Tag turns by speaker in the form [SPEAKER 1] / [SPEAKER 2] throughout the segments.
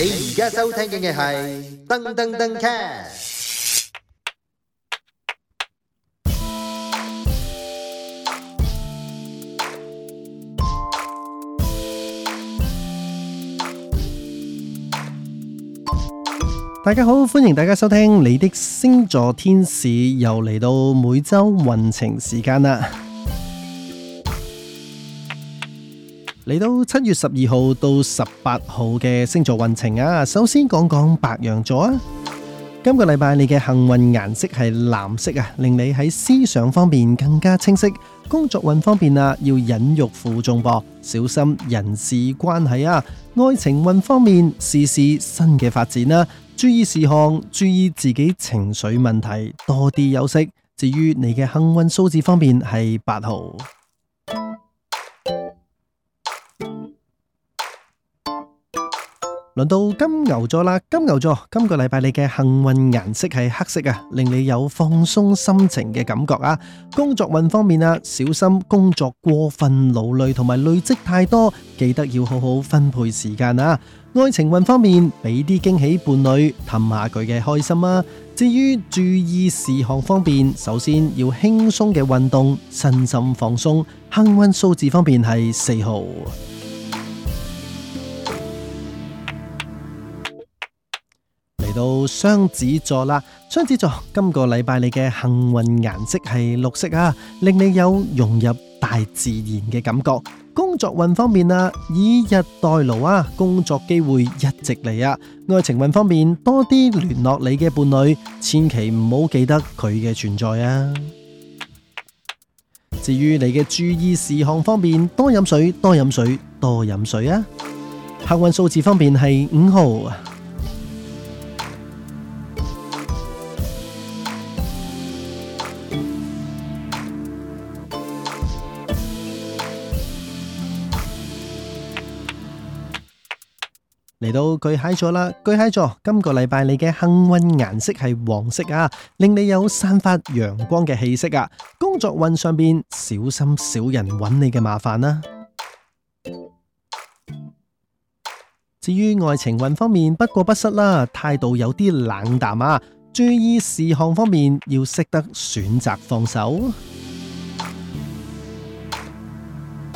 [SPEAKER 1] 你而家收聽緊嘅係噔噔噔 cast。大家好，歡迎大家收聽你的星座天使，又嚟到每周運程時間啦。嚟到七月十二號到十八號嘅星座運程啊，首先講講白羊座啊。今個禮拜你嘅幸運顏色係藍色啊，令你喺思想方面更加清晰。工作運方面啊，要忍辱負重噃，小心人事關係啊。愛情運方面，試試新嘅發展啦啊。注意事項，注意自己情緒問題，多啲休息。至於你嘅幸運數字方面，係八號。輪到金牛座啦，金牛座今個禮拜你嘅幸運顏色係黑色啊，令你有放鬆心情嘅感覺啊。工作運方面啊，小心工作過分勞累同埋累積太多，記得要好好分配時間啊。愛情運方面，俾啲驚喜伴侶氹下佢嘅開心啊。至於注意事項方面，首先要輕鬆嘅運動，身心放鬆。幸運數字方面係四號。雙子座啦，雙子座今個禮拜你嘅幸運顏色係綠色啊，令你有融入大自然嘅感覺。工作運方面啊，以逸待勞啊，工作機會一直嚟啊。愛情運方面，多啲聯絡你嘅伴侶，千祈唔好記得佢嘅存在啊。至於你嘅注意事項方面，多飲水，多飲水，多飲水啊。幸運數字方面係五號。嚟到巨蟹座啦！巨蟹座今個禮拜你嘅幸運顏色係黃色啊，令你有散發陽光嘅氣息啊。工作運上邊小心小人搵你嘅麻煩啦、啊。至於愛情運方面，不過不失啦、啊，態度有啲冷淡啊。注意事項方面，要識得選擇放手。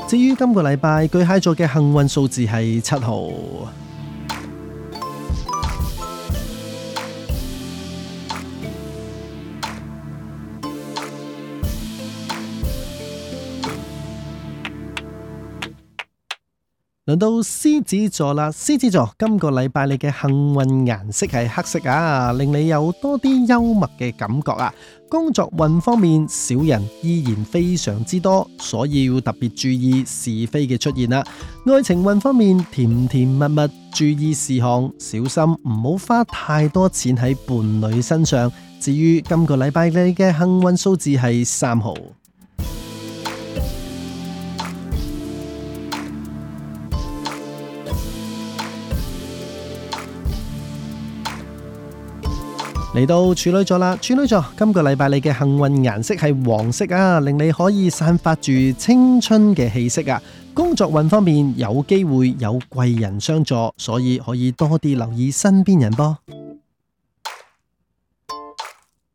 [SPEAKER 1] 至於今個禮拜巨蟹座嘅幸運數字係七號。到獅子座啦，獅子座今個禮拜你嘅幸運顏色係黑色啊，令你有多啲幽默嘅感覺啊。工作運方面，小人依然非常之多，所以要特別注意是非嘅出現啦、啊。愛情運方面，甜甜蜜蜜，注意事項，小心唔好花太多錢喺伴侶身上。至於今個禮拜你嘅幸運數字係三號。嚟到處女座啦，處女座今個禮拜你嘅幸運顏色係黃色啊，令你可以散發住青春嘅氣息啊。工作運方面有機會有貴人相助，所以可以多啲留意身邊人噃啊。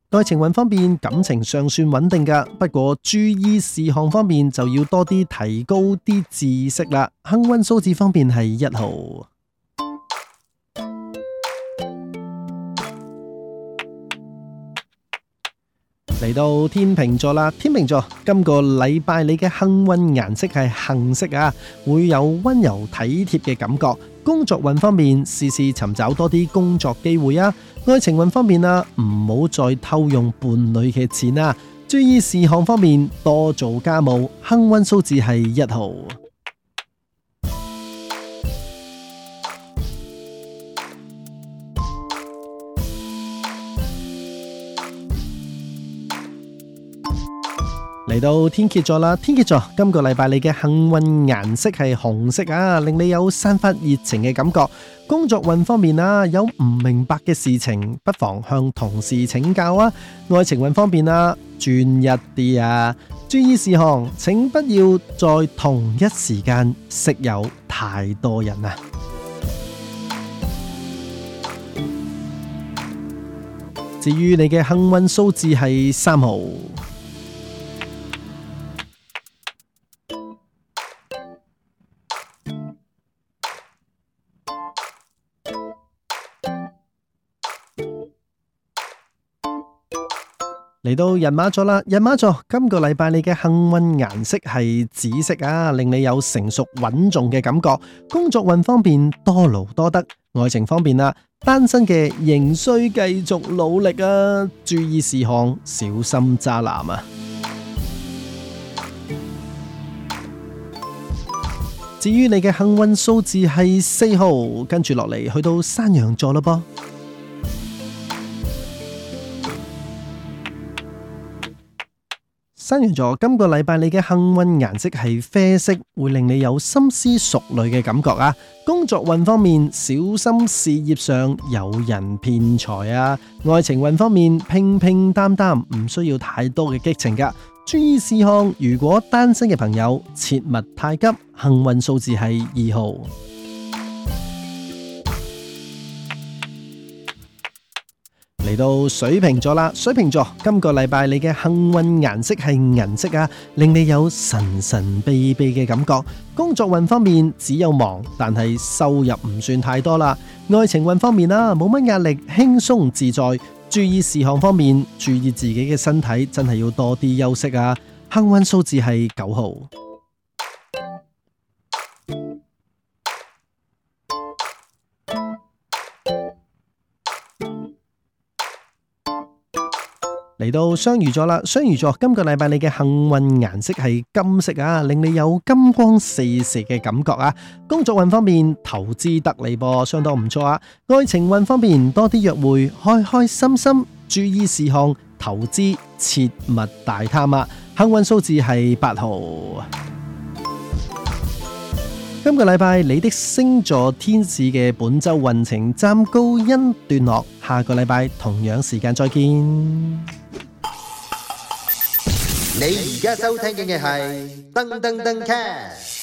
[SPEAKER 1] 愛情運方面感情尚算穩定噶，不過注意事項方面就要多啲提高啲知識啦。幸運數字方面係一號。嚟到天秤座啦，天秤座今個禮拜你嘅幸運顏色係杏色啊，會有溫柔體貼嘅感覺。工作運方面，試試尋找多啲工作機會啊。愛情運方面啊，唔好再偷用伴侶嘅錢啦啊。注意事項方面，多做家務。幸運數字係一號。嚟到天蠍座啦，天蠍座今個禮拜你嘅幸運顏色係紅色啊，令你有散發熱情嘅感覺。工作運方面啊，有唔明白嘅事情不妨向同事請教啊。愛情運方面啊，專一啲啊，注意事項，請不要在同一時間色誘太多人啊。至於你嘅幸運數字係三號。嚟到人馬座啦，人馬座今個禮拜你嘅幸運顏色係紫色啊，令你有成熟穩重嘅感覺，工作運方面，多勞多得，愛情方面啦、啊。單身嘅仍需繼續努力啊，注意事項，小心渣男啊。至於你嘅幸運數字係四號，跟住落嚟去到山羊座啦，噃。山羊座今個禮拜你嘅幸運顏色係啡色，會令你有深思熟慮嘅感覺啊。工作運方面，小心事業上有人騙財啊。愛情運方面，平平淡淡，唔需要太多嘅激情噶。注意事項：如果單身嘅朋友切勿太急，幸運數字係二號。嚟到水瓶座啦，水瓶座今個禮拜你嘅幸運顏色係銀色啊，令你有神神祕祕嘅感覺。工作運方面只有忙，但係收入唔算太多啦。愛情運方面啦，冇乜壓力，輕鬆自在。注意事項方面，注意自己嘅身體，真係要多啲休息啊。幸運數字係九號。嚟到雙魚座啦，雙魚座今個禮拜你嘅幸運顏色係金色啊，令你有金光四射嘅感覺啊。工作運方面，投資得利噃、啊，相當唔錯啊。愛情運方面，多啲約會，開開心心。注意事項，投資切勿大貪啊。幸運數字係八號。今個禮拜你的星座天使嘅本週運程暫告一段落，下個禮拜同樣時間再見。你而家收聽嘅係噔噔噔 cat